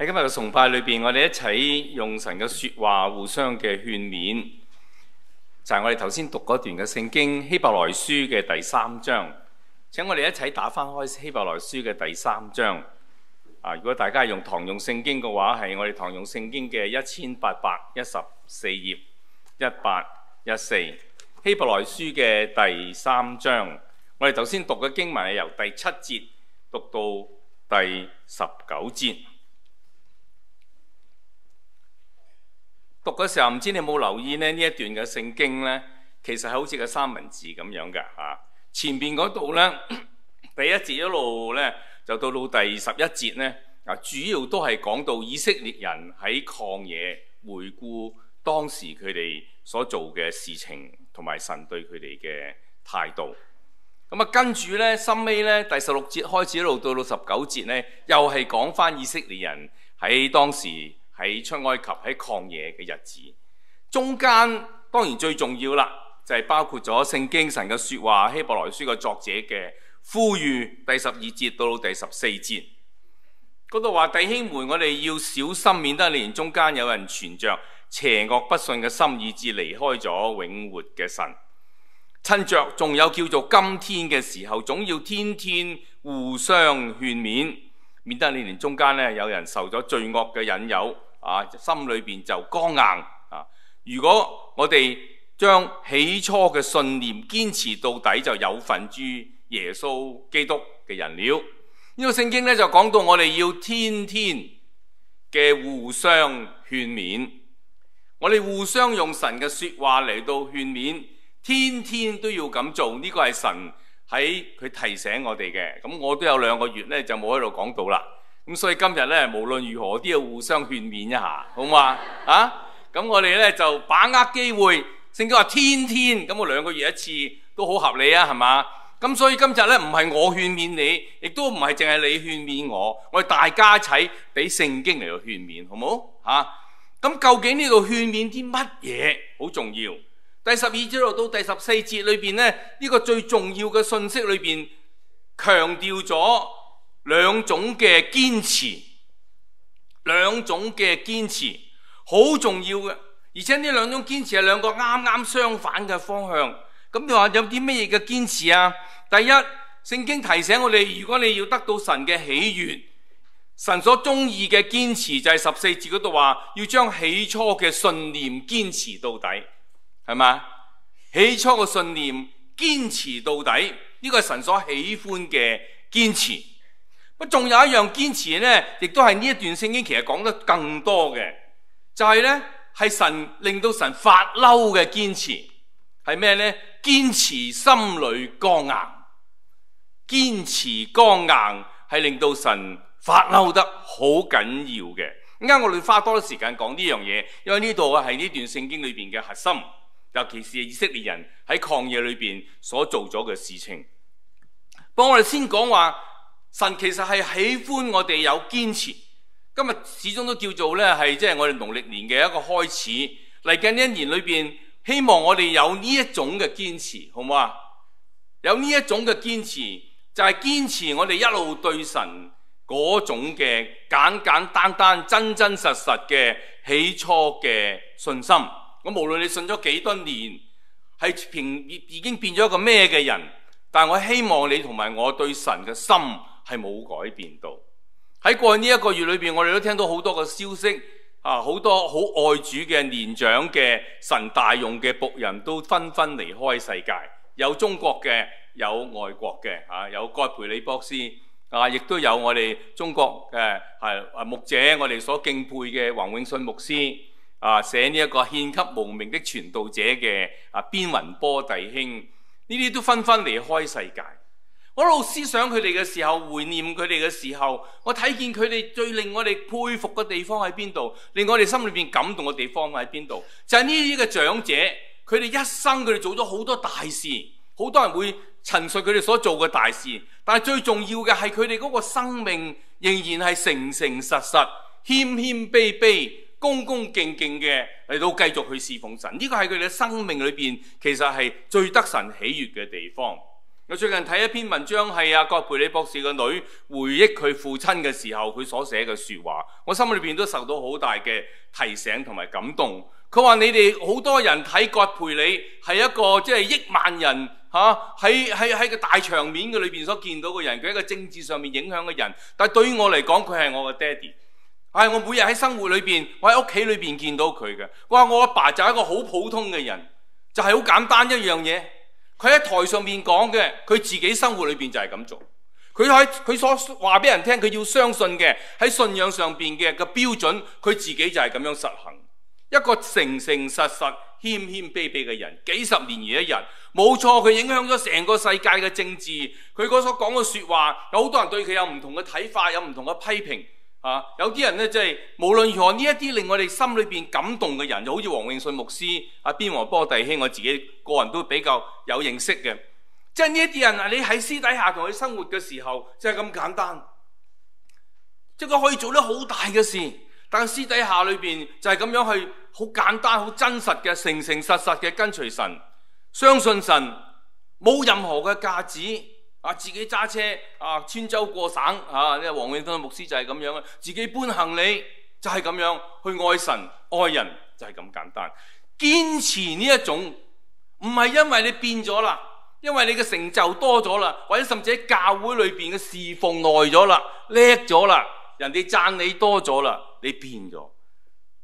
喺今日嘅崇拜裏邊，我哋一齊用神嘅說話互相嘅勸勉，就係、是、我哋頭先讀嗰段嘅聖經希伯來書嘅第三章。請我哋一齊打翻開希伯來書嘅第三章啊！如果大家係用唐用聖經嘅話，係我哋唐用聖經嘅一千八百一十四頁一八一四希伯來書嘅第三章。我哋頭先讀嘅經文係由第七節讀到第十九節。讀嘅時候唔知你有冇留意咧呢一段嘅聖經呢？其實係好似個三文治咁樣嘅嚇、啊。前邊嗰度呢，第一節一路呢就到到第十一節呢，啊主要都係講到以色列人喺曠野，回顧當時佢哋所做嘅事情同埋神對佢哋嘅態度。咁啊跟住呢，深尾呢，第十六節開始一路到到十九節呢，又係講翻以色列人喺當時，喺出埃及喺曠野嘅日子，中間當然最重要啦，就係、是、包括咗聖經神嘅說話，希伯來書嘅作者嘅呼籲，第十二節到第十四節，嗰度話弟兄們，我哋要小心，免得你哋中間有人存着邪惡不信嘅心，以致離開咗永活嘅神。趁着仲有叫做今天嘅時候，總要天天互相勸勉，免得你哋中間咧有人受咗罪惡嘅引誘。啊，心裏邊就剛硬啊！如果我哋將起初嘅信念堅持到底，就有份於耶穌基督嘅人了。這個、聖呢個聖經咧就講到我哋要天天嘅互相勸勉，我哋互相用神嘅説話嚟到勸勉，天天都要咁做。呢、這個係神喺佢提醒我哋嘅。咁我都有兩個月咧就冇喺度講到啦。咁所以今日咧，無論如何都要互相勸勉一下，好嘛？啊，咁我哋咧就把握機會，聖經話天天，咁我兩個月一次都好合理啊，係嘛？咁所以今日咧，唔係我勸勉你，亦都唔係淨係你勸勉我，我哋大家一齊俾聖經嚟到勸勉，好冇？吓、啊，咁究竟呢度勸勉啲乜嘢？好重要。第十二節到第十四節裏邊咧，呢、這個最重要嘅信息裏邊強調咗，兩種嘅堅持，兩種嘅堅持好重要嘅。而且呢兩種堅持係兩個啱啱相反嘅方向。咁你話有啲咩嘢嘅堅持啊？第一，聖經提醒我哋，如果你要得到神嘅喜悅，神所鍾意嘅堅持就係十四節嗰度話，要將起初嘅信念堅持到底，係嘛？起初嘅信念堅持到底，呢個係神所喜歡嘅堅持。仲有一樣堅持呢，亦都係呢一段聖經其實講得更多嘅，就係呢：係神令到神發嬲嘅堅持係咩呢？堅持心裏剛硬，堅持剛硬係令到神發嬲得好緊要嘅。啱，我哋花多啲時間講呢樣嘢，因為呢度啊係呢段聖經裏邊嘅核心，尤其是以色列人喺曠野裏邊所做咗嘅事情。幫我哋先講話。神其實係喜歡我哋有堅持。今日始終都叫做呢，係即係我哋農曆年嘅一個開始，嚟緊一年裏邊，希望我哋有呢一種嘅堅持，好唔好啊？有呢一種嘅堅持，就係、是、堅持我哋一路對神嗰種嘅簡簡單單、真真實實嘅起初嘅信心。咁無論你信咗幾多年，係平已經變咗一個咩嘅人，但我希望你同埋我對神嘅心。係冇改變到。喺過去呢一個月裏邊，我哋都聽到好多個消息啊！好多好愛主嘅年長嘅神大用嘅僕人都紛紛離開世界，有中國嘅，有外國嘅啊，有葛培理博士，啊，亦都有我哋中國嘅係啊牧者，我哋所敬佩嘅黃永信牧師啊，寫呢一個獻給無名的傳道者嘅啊邊雲波弟兄，呢啲都紛紛離開世界。我老思想佢哋嘅時候，懷念佢哋嘅時候，我睇見佢哋最令我哋佩服嘅地方喺邊度，令我哋心裏邊感動嘅地方喺邊度？就係呢啲嘅長者，佢哋一生佢哋做咗好多大事，好多人會陳述佢哋所做嘅大事，但係最重要嘅係佢哋嗰個生命仍然係誠誠實實、謙謙卑卑、恭恭敬敬嘅嚟到繼續去侍奉神。呢個係佢哋生命裏邊，其實係最得神喜悅嘅地方。我最近睇一篇文章，係阿葛培理博士嘅女回憶佢父親嘅時候，佢所寫嘅說話，我心裏邊都受到好大嘅提醒同埋感動。佢話，你哋好多人睇葛培理係一個即係億萬人吓喺喺喺個大場面嘅裏邊所見到嘅人，佢一個政治上面影響嘅人。但係對於我嚟講，佢係我嘅爹哋。係我每日喺生活裏邊，我喺屋企裏邊見到佢嘅。哇！我阿爸，爸就係一個好普通嘅人，就係、是、好簡單一樣嘢。佢喺台上面講嘅，佢自己生活裏邊就係咁做。佢喺佢所話俾人聽，佢要相信嘅喺信仰上邊嘅、嗰個標準，佢自己就係咁樣實行。一個誠誠實實、謙謙卑卑嘅人，幾十年如一日，冇錯，佢影響咗成個世界嘅政治。佢嗰所講嘅説話，有好多人對佢有唔同嘅睇法，有唔同嘅批評。啊！有啲人咧，即、就、係、是、無論如何呢一啲令我哋心裏邊感動嘅人，就好似黃永信牧師、阿、啊、邊王波弟兄，我自己個人，都比較有認識嘅。即係呢一啲人啊，你喺私底下同佢生活嘅時候，就係、是、咁簡單。即係佢可以做咗好大嘅事，但係私底下裏邊就係咁樣去好簡單、好真實嘅，誠誠實實嘅跟隨神，相信神，冇任何嘅架子。啊！自己揸車啊，穿州過省嚇，呢個黃永生牧師就係咁樣啦。自己搬行李就係咁樣，去愛神愛人就係咁簡單。堅持呢一種，唔係因為你變咗啦，因為你嘅成就多咗啦，或者甚至喺教會裏邊嘅侍奉耐咗啦，叻咗啦，人哋讚你多咗啦，你變咗。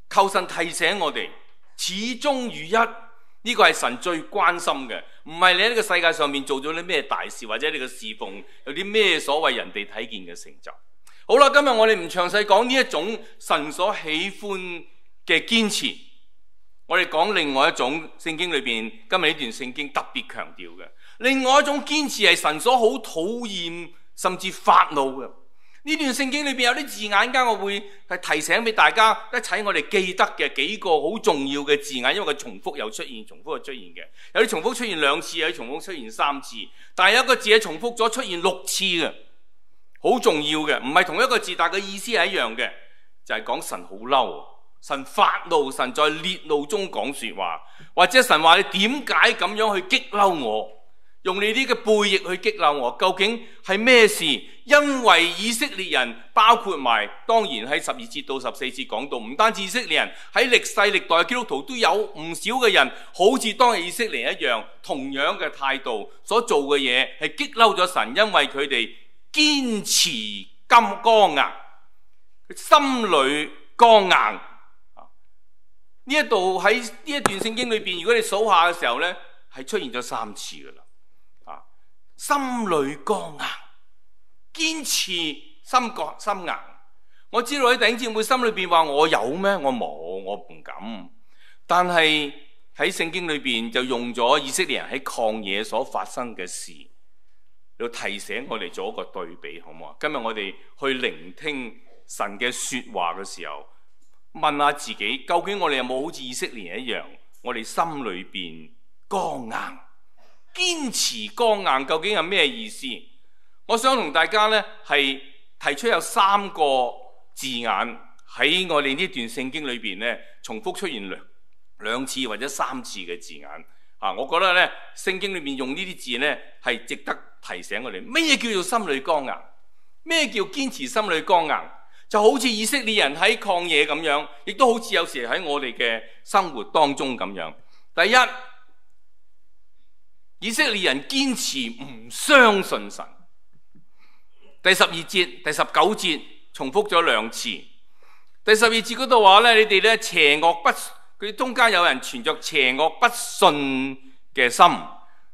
求神提醒我哋，始終如一。呢個係神最關心嘅，唔係你喺呢個世界上面做咗啲咩大事，或者你嘅侍奉有啲咩所謂人哋睇見嘅成就。好啦，今日我哋唔詳細講呢一種神所喜歡嘅堅持，我哋講另外一種聖經裏邊，今日呢段聖經特別強調嘅，另外一種堅持係神所好討厭甚至發怒嘅。呢段聖經裏邊有啲字眼間，我會係提醒俾大家一齊，我哋記得嘅幾個好重要嘅字眼，因為佢重複又出現，重複又出現嘅。有啲重複出現兩次，有啲重複出現三次，但係有一個字係重複咗出現六次嘅，好重要嘅，唔係同一個字，但係意思係一樣嘅，就係、是、講神好嬲，神發怒，神在烈怒中講説話，或者神話你點解咁樣去激嬲我。用你啲嘅悖逆去激嬲我，究竟係咩事？因為以色列人，包括埋當然喺十二節到十四節講到，唔單止以色列人喺歷世歷代基督徒都有唔少嘅人，好似當日以色列一樣，同樣嘅態度所做嘅嘢係激嬲咗神，因為佢哋堅持金剛硬，心裏剛硬。呢一度喺呢一段聖經裏邊，如果你數下嘅時候咧，係出現咗三次噶啦。心裏剛硬，堅持心覺心硬。我知道弟兄姊妹心裏邊話我有咩？我冇，我唔敢。但係喺聖經裏邊就用咗以色列人喺曠野所發生嘅事，要提醒我哋做一個對比，好唔好啊？今日我哋去聆聽神嘅說話嘅時候，問下自己，究竟我哋有冇好似以色列人一樣？我哋心裏邊剛硬。堅持剛硬，究竟有咩意思？我想同大家呢，係提出有三個字眼喺我哋呢段聖經裏邊呢，重複出現兩次或者三次嘅字眼啊！我覺得呢，聖經裏面用呢啲字呢，係值得提醒我哋咩叫做心裏剛硬？咩叫堅持心裏剛硬？就好似以色列人喺曠野咁樣，亦都好似有時喺我哋嘅生活當中咁樣。第一。以色列人堅持唔相信神。第十二節、第十九節重複咗兩次。第十二節嗰度話咧，你哋咧邪惡不佢哋中間有人存着邪惡不信嘅心。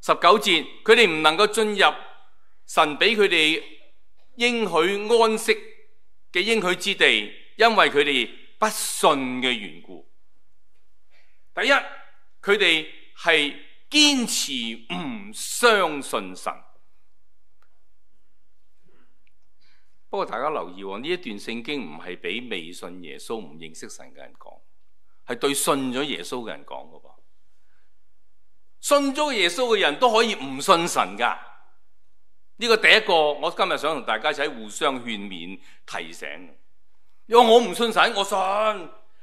十九節，佢哋唔能夠進入神俾佢哋應許安息嘅應許之地，因為佢哋不信嘅緣故。第一，佢哋係。堅持唔相信神，不過大家留意喎，呢一段聖經唔係俾未信耶穌、唔認識神嘅人講，係對信咗耶穌嘅人講噶噃。信咗耶穌嘅人都可以唔信神噶，呢、這個第一個，我今日想同大家一齊互相勸勉、提醒。如果我唔信神，我信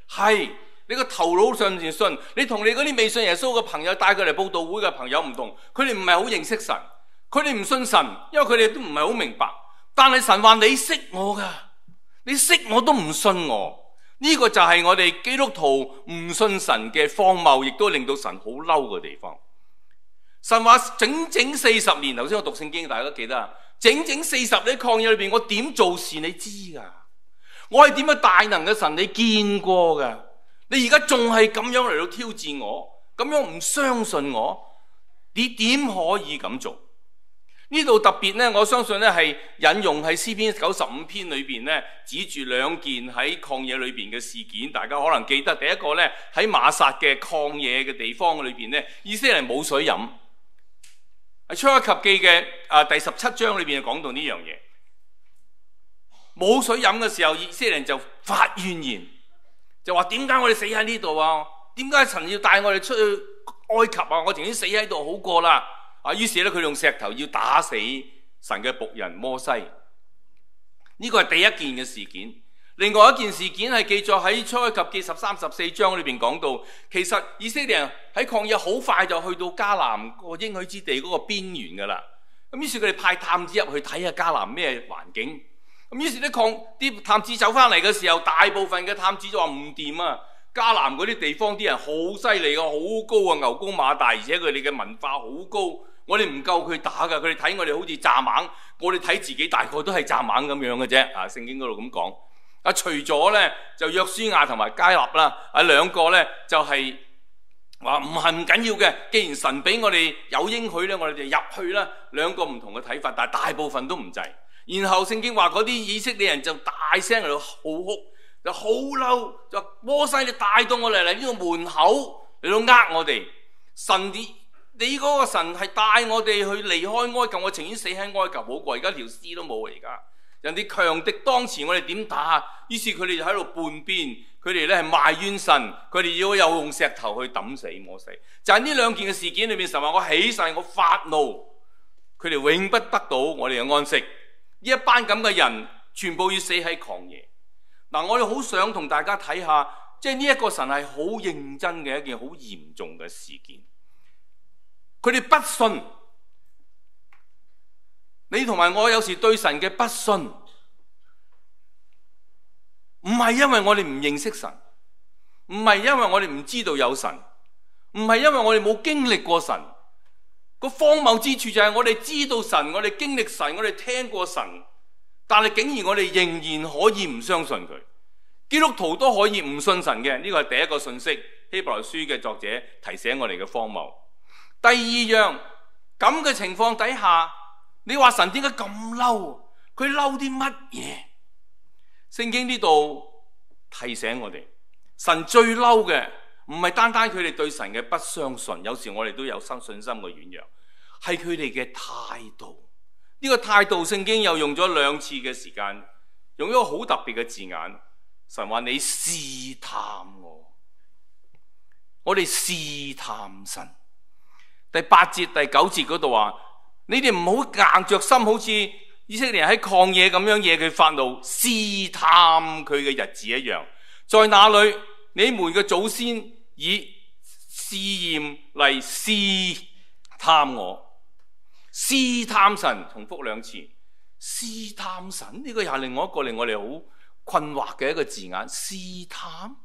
係。你個頭腦上唔信，你同你嗰啲未信耶穌嘅朋友帶佢嚟報道會嘅朋友唔同，佢哋唔係好認識神，佢哋唔信神，因為佢哋都唔係好明白。但係神話你識我噶，你識我都唔信我。呢、呢個就係我哋基督徒唔信神嘅荒謬，亦都令到神好嬲嘅地方。神話整整四十年，頭先我讀聖經，大家都記得啊，整整四十年。曠野裏邊，我點做事你知噶？我係點樣大能嘅神，你見過噶？你而家仲係咁樣嚟到挑戰我，咁樣唔相信我，你點可以咁做？呢度特別呢，我相信呢係引用喺詩篇九十五篇裏邊呢，指住兩件喺曠野裏邊嘅事件。大家可能記得第一個呢，喺瑪撒嘅曠野嘅地方裏邊呢，以色列人冇水飲。喺出埃及記嘅啊第十七章裏邊就講到呢樣嘢，冇水飲嘅時候，以色列人就發怨言。就話點解我哋死喺呢度啊？點解神要帶我哋出去埃及啊？我寧願死喺度好過啦！啊，於是咧佢用石頭要打死神嘅僕人摩西。呢、這個係第一件嘅事件。另外一件事件係記載喺出埃及記十三十四章裏邊講到，其實以色列人喺曠野好快就去到迦南個應許之地嗰個邊緣噶啦。咁於是佢哋派探子入去睇下迦南咩環境。咁於是啲抗啲探子走翻嚟嘅時候，大部分嘅探子就話唔掂啊！迦南嗰啲地方啲人好犀利啊，好高啊，牛高馬大，而且佢哋嘅文化好高，我哋唔夠佢打嘅，佢哋睇我哋好似蚱蜢，我哋睇自己大概都係蚱蜢咁樣嘅啫。啊，聖經嗰度咁講。啊，除咗咧就約書亞同埋迦勒啦，啊，兩個咧就係話唔係唔緊要嘅，既然神俾我哋有應許咧，我哋就入去啦。兩個唔同嘅睇法，但係大部分都唔制。然後聖經話，嗰啲以色列人就大聲喺度號哭，就好嬲就摩西，你帶到我嚟嚟呢個門口嚟到呃，我哋神，你你嗰個神係帶我哋去離開埃及，我情願死喺埃及好過，而家條屍都冇。而家人哋強敵當前，我哋點打？於是佢哋就喺度叛變，佢哋咧係埋怨神，佢哋要有用石頭去抌死摩西。就喺呢兩件嘅事件裏面，神話，我起誓，我發怒，佢哋永不得到我哋嘅安息。呢一班咁嘅人全部要死喺曠野，嗱，我哋好想同大家睇下，即係呢一個神係好認真嘅一件好嚴重嘅事件。佢哋不信，你同埋我有時對神嘅不信，唔係因為我哋唔認識神，唔係因為我哋唔知道有神，唔係因為我哋冇經歷過神。個荒謬之處就係我哋知道神，我哋經歷神，我哋聽過神，但係竟然我哋仍然可以唔相信佢。基督徒都可以唔信神嘅，呢個係第一個信息。希伯來書嘅作者提醒我哋嘅荒謬。第二樣，咁嘅情況底下，你話神點解咁嬲？佢嬲啲乜嘢？聖經呢度提醒我哋，神最嬲嘅。唔係單單佢哋對神嘅不相信，有時我哋都有生信心嘅軟弱，係佢哋嘅態度。呢、這個態度，聖經又用咗兩次嘅時間，用咗個好特別嘅字眼。神話你試探我，我哋試探神。第八節、第九節嗰度話：你哋唔好硬着心，好似以色列人喺曠野咁樣惹佢發怒、試探佢嘅日子一樣。在那裏你們嘅祖先。以試驗嚟試探我，試探神。重複兩次，試探神。呢個又係另外一個令我哋好困惑嘅一個字眼。試探。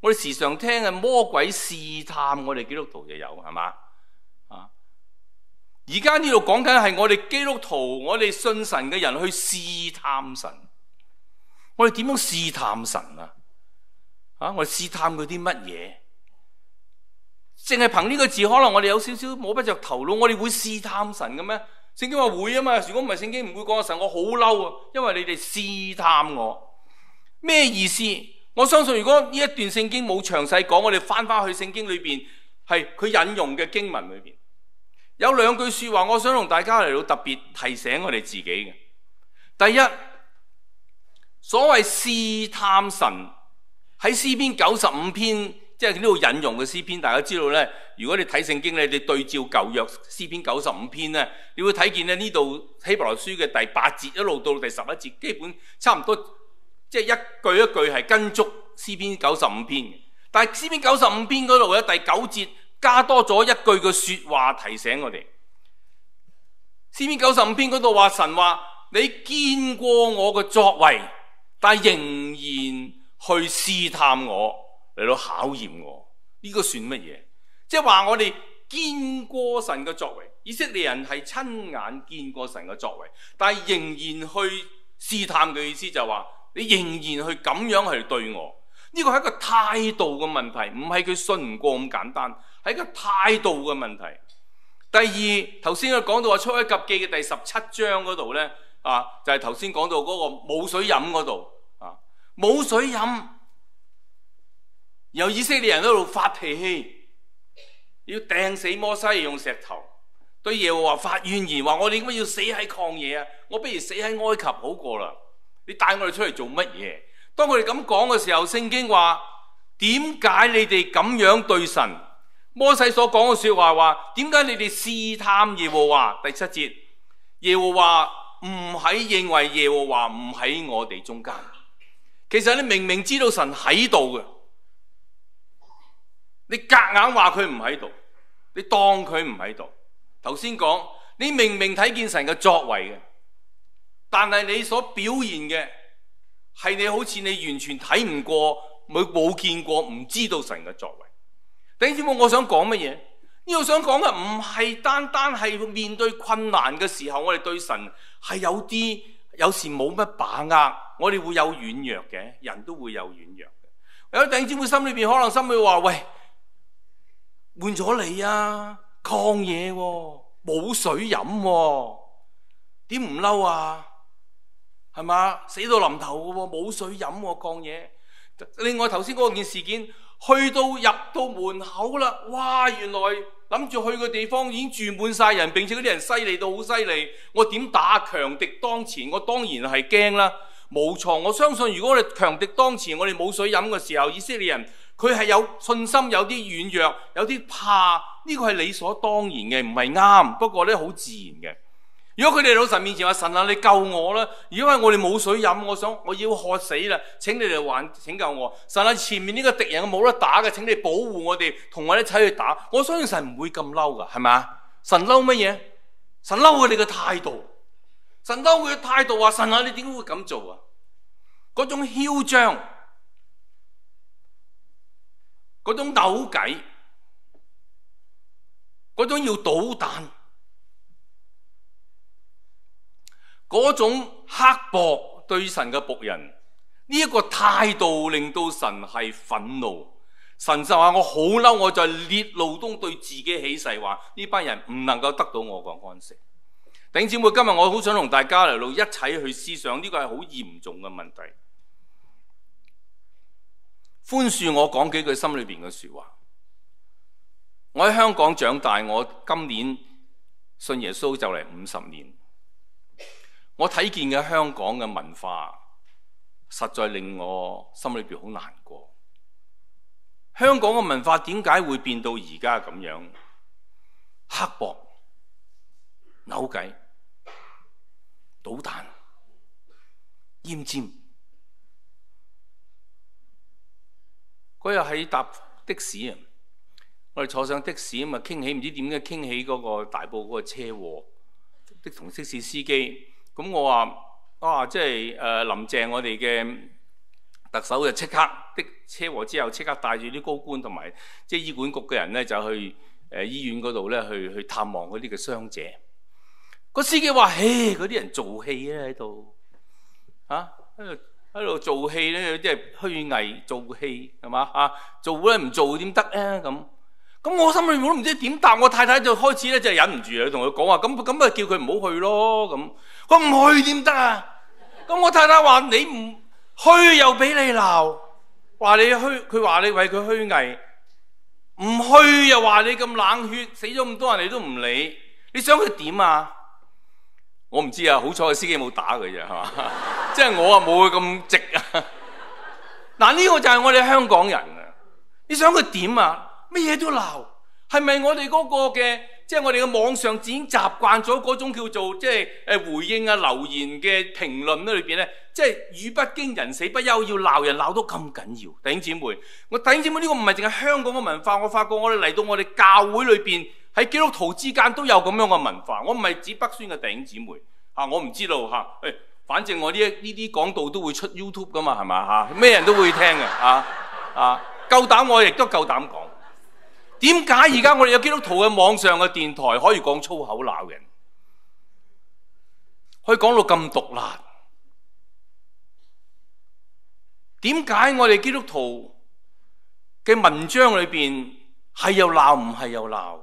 我哋時常聽嘅魔鬼試探我哋基督徒，就有係嘛？而家呢度講緊係我哋基督徒，我哋信神嘅人去試探神。我哋點樣試探神啊？啊！我哋試探佢啲乜嘢？淨係憑呢個字，可能我哋有少少摸不着頭腦。我哋會試探神嘅咩？聖經話會啊嘛。如果唔係聖經唔會講神，我好嬲啊！因為你哋試探我，咩意思？我相信如果呢一段聖經冇詳細講，我哋翻翻去聖經裏邊，係佢引用嘅經文裏邊，有兩句説話，我想同大家嚟到特別提醒我哋自己嘅。第一，所謂試探神喺詩篇九十五篇。即係呢度引用嘅詩篇，大家知道呢。如果你睇聖經咧，你對照舊約詩篇九十五篇呢，你會睇見咧，呢度希伯來書嘅第八節一路到第十一節，基本差唔多，即係一句一句係跟足詩篇九十五篇嘅。但係詩篇九十五篇嗰度咧，第九節加多咗一句嘅説話提醒我哋。詩篇九十五篇嗰度話，神話你見過我嘅作為，但係仍然去試探我。嚟到考驗我，呢個算乜嘢？即係話我哋見過神嘅作為，以色列人係親眼見過神嘅作為，但係仍然去試探嘅意思就係話，你仍然去咁樣去對我，呢個係一個態度嘅問題，唔係佢信唔過咁簡單，係一個態度嘅問題。第二，頭先佢講到話出埃及記嘅第十七章嗰度呢，啊，就係頭先講到嗰個冇水飲嗰度，啊，冇水飲。有以色列人喺度發脾氣，要掟死摩西，用石頭，對耶和華發怨言，話我哋點解要死喺曠野，啊！我不如死喺埃及好過啦！你帶我哋出嚟做乜嘢？當佢哋咁講嘅時候，聖經話：點解你哋咁樣對神？摩西所講嘅說話話：點解你哋試探耶和華？第七節，耶和華唔喺認為耶和華唔喺我哋中間。其實你明明知道神喺度嘅。你夾硬話佢唔喺度，你當佢唔喺度。頭先講你明明睇見神嘅作為嘅，但係你所表現嘅係你好似你完全睇唔過，冇冇見過，唔知道神嘅作為。頂姊妹，我想講乜嘢？呢度想講嘅唔係單單係面對困難嘅時候，我哋對神係有啲有時冇乜把握，我哋會有軟弱嘅，人都會有軟弱嘅。有頂姊妹心裏邊可能心裏話喂。換咗你啊！抗嘢喎、哦，冇水飲喎、哦，點唔嬲啊？係嘛？死到臨頭嘅喎、哦，冇水飲喎、哦，抗嘢。另外頭先嗰件事件，去到入到門口啦，哇！原來諗住去嘅地方已經住滿晒人，並且嗰啲人犀利到好犀利。我點打，強敵當前，我當然係驚啦。冇錯，我相信如果我哋強敵當前，我哋冇水飲嘅時候，以色列人。佢係有信心，有啲軟弱，有啲怕，呢個係理所當然嘅，唔係啱。不過咧，好自然嘅。如果佢哋老神面前話：神啊，你救我啦！如果係我哋冇水飲，我想我要渴死啦！請你哋還拯救我。神啊，前面呢個敵人冇得打嘅，請你保護我哋，同我哋一齊去打。我相信神唔會咁嬲噶，係咪？神嬲乜嘢？神嬲佢哋嘅態度，神嬲佢嘅態度啊！神啊，你點解會咁做啊？嗰種囂張。嗰種扭計，嗰種要搗蛋，嗰種刻薄對神嘅僕人，呢、這、一個態度令到神係憤怒，神就話我好嬲，我在烈怒中對自己起誓，話呢班人唔能夠得到我個安息。頂姊妹，今日我好想同大家嚟到一齊去思想，呢、這個係好嚴重嘅問題。寬恕我講幾句心裏邊嘅説話。我喺香港長大，我今年信耶穌就嚟五十年。我睇見嘅香港嘅文化，實在令我心裏邊好難過。香港嘅文化點解會變到而家咁樣？刻薄、扭計、搗蛋、奄尖。嗰日喺搭的士啊，我哋坐上的士咁啊，傾起唔知點解傾起嗰個大埔嗰個車禍的同的士司機，咁我話：啊，即係誒林鄭我哋嘅特首就即刻的車禍之後即刻帶住啲高官同埋即係醫管局嘅人咧就去誒醫院嗰度咧去去探望嗰啲嘅傷者。個司機話：嘿！嗰啲人做戲咧喺度嚇，跟、啊、住。喺度做戲咧，有啲係虛偽做戲，係嘛啊？做咧唔做點得啊？咁咁，我心裏我都唔知點答。我太太就開始咧，就忍唔住啊，同佢講話咁咁啊，叫佢唔好去咯。咁佢唔去點得啊？咁我太太話：你唔去又俾你鬧，話你虛，佢話你為佢虛偽；唔去又話你咁冷血，死咗咁多人你都唔理，你想佢點啊？我唔知啊，好彩個司機冇打佢啫，係嘛？ 即係我啊冇佢咁直啊！嗱， 呢、呢個就係我哋香港人啊！你想佢點啊？乜嘢都鬧，係咪我哋嗰個嘅？即係我哋嘅網上已經習慣咗嗰種叫做即係誒回應啊留言嘅評論咧裏邊咧，即係語不驚人死不休，要鬧人鬧到咁緊要？弟兄姊妹，我弟兄姊妹呢、呢個唔係淨係香港嘅文化，我發覺我哋嚟到我哋教會裏邊喺基督徒之間都有咁樣嘅文化。我唔係指北宣嘅弟兄姊妹嚇，我唔知道嚇。哎反正我呢一呢啲講道都會出 YouTube 噶嘛，係嘛嚇？咩人都會聽嘅嚇嚇。夠膽我亦都夠膽講。點解而家我哋有基督徒嘅網上嘅電台可以講粗口鬧人，可以講到咁毒辣？點解我哋基督徒嘅文章裏邊係又鬧唔係又鬧？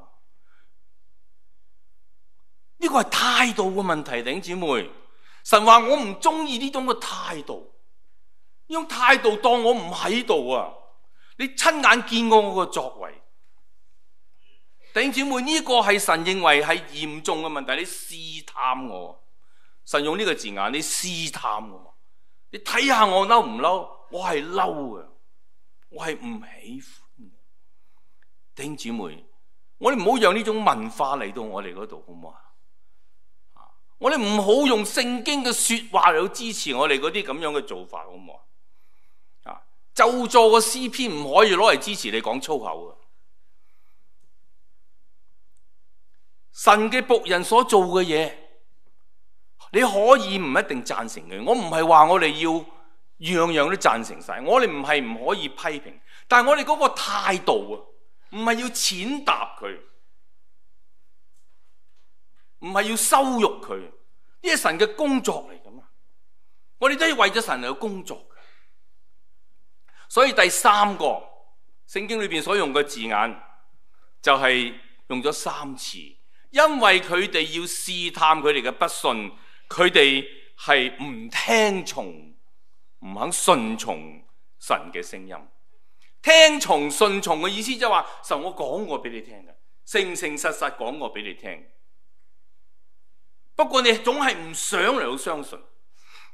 呢個係態度嘅問題，弟兄姊妹。神話我唔中意呢種嘅態度，呢種態度當我唔喺度啊！你親眼見過我嘅作為，弟兄姊妹，呢個係神認為係嚴重嘅問題，你試探我，神用呢個字眼，你試探我，你睇下我嬲唔嬲？我係嬲啊！我係唔喜歡嘅。弟兄姊妹，我哋唔好讓呢種文化嚟到我哋嗰度，好唔好啊？我哋唔好用聖經嘅說話嚟到支持我哋嗰啲咁樣嘅做法，好唔好啊？就座嘅詩篇唔可以攞嚟支持你講粗口啊！神嘅僕人所做嘅嘢，你可以唔一定贊成嘅。我唔係話我哋要樣樣都贊成晒，我哋唔係唔可以批評，但係我哋嗰個態度啊，唔係要踐踏佢。唔係要羞辱佢，呢，係神嘅工作嚟噶嘛？我哋都要為咗神嚟去工作嘅。所以第三個聖經裏邊所用嘅字眼就係用咗三次，因為佢哋要試探佢哋嘅不信，佢哋係唔聽從、唔肯順從神嘅聲音。聽從、順從嘅意思就係話神，我講過俾你聽嘅，誠誠實實講過俾你聽。不過你總係唔想嚟到相信。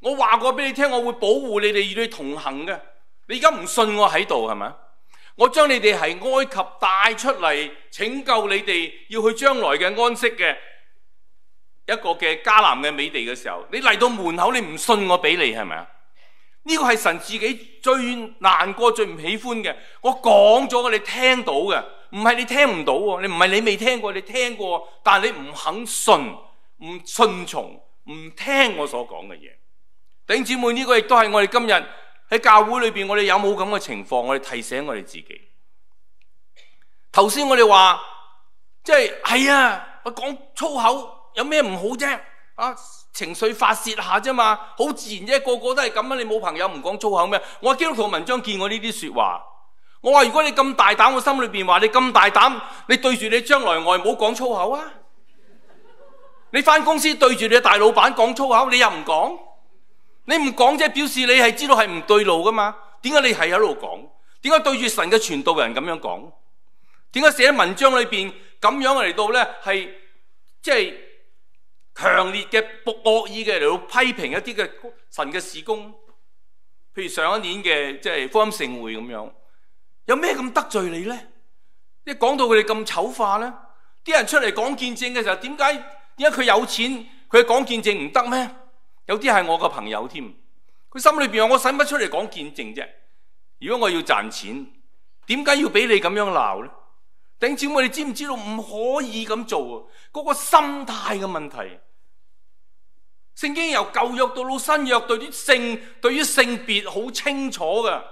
我話過俾你聽，我會保護你哋與你同行嘅。你而家唔信我喺度係咪？我將你哋係埃及帶出嚟拯救你哋，要去將來嘅安息嘅一個嘅迦南嘅美地嘅時候，你嚟到門口你唔信我俾你係咪啊？呢個係神自己最難過、最唔喜歡嘅。我講咗嘅你聽到嘅，唔係你聽唔到喎，你唔係你未聽過，你聽過，但係你唔肯信。唔順從，唔聽我所講嘅嘢，弟兄姊妹呢個亦都係我哋今日喺教會裏邊，我哋有冇咁嘅情況？我哋提醒我哋自己。頭先我哋話，即係係啊，我講粗口有咩唔好啫？啊，情緒發泄下啫嘛，好自然啫，個個都係咁啊。你冇朋友唔講粗口咩？我基督徒文章見過呢啲説話，我話如果你咁大膽，我心裏邊話你咁大膽，你對住你將來外母講粗口啊！你翻公司對住你嘅大老闆講粗口，你又唔講？你唔講即係表示你係知道係唔對路噶嘛？點解你係喺度講？點解對住神嘅傳道人咁樣講？點解寫文章裏邊咁樣嚟到咧？係即係強烈嘅惡意嘅嚟到批評一啲嘅神嘅事工，譬如上一年嘅即係福音聖會咁樣，有咩咁得罪你咧？一講到佢哋咁醜化咧，啲人出嚟講見證嘅時候，點解？點解佢有錢佢講見證唔得咩？有啲係我個朋友添，佢心裏邊話「我使乜出嚟講見證啫？如果我要賺錢，點解要俾你咁樣鬧呢？」頂姊妹，你知唔知道唔可以咁做啊？嗰個心態嘅問題，聖經由舊約到老新約，對啲性，對於性別，好清楚噶。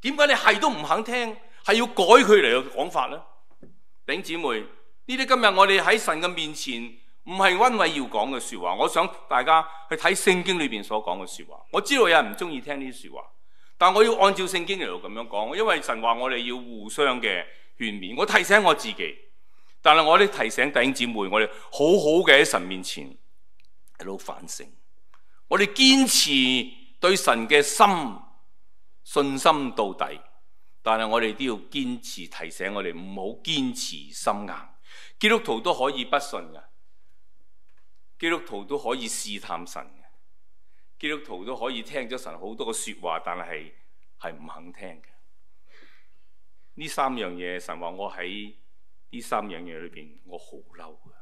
點解你係都唔肯聽，係要改佢嚟嘅講法呢？頂姊妹，呢啲今日我哋喺神嘅面前。唔係溫偉耀講嘅説話，我想大家去睇聖經裏邊所講嘅説話。我知道有人唔中意聽呢啲説話，但我要按照聖經嚟到咁樣講，因為神話我哋要互相嘅勸勉。我提醒我自己，但係我哋提醒弟兄姊妹，我哋好好嘅喺神面前喺度反省。我哋堅持對神嘅心信心到底，但係我哋都要堅持提醒我哋唔好堅持心硬。基督徒都可以不信嘅。基督徒都可以試探神嘅，基督徒都可以聽咗神好多嘅說話，但係係唔肯聽嘅。呢三樣嘢，神話我喺呢三樣嘢裏邊，我好嬲噶，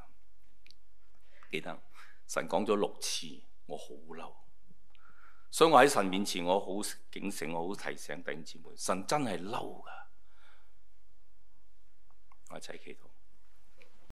記得神講咗六次，我好嬲，所以我喺神面前我好警醒，我好提醒弟兄姊妹，神真係嬲噶，我一齊祈禱。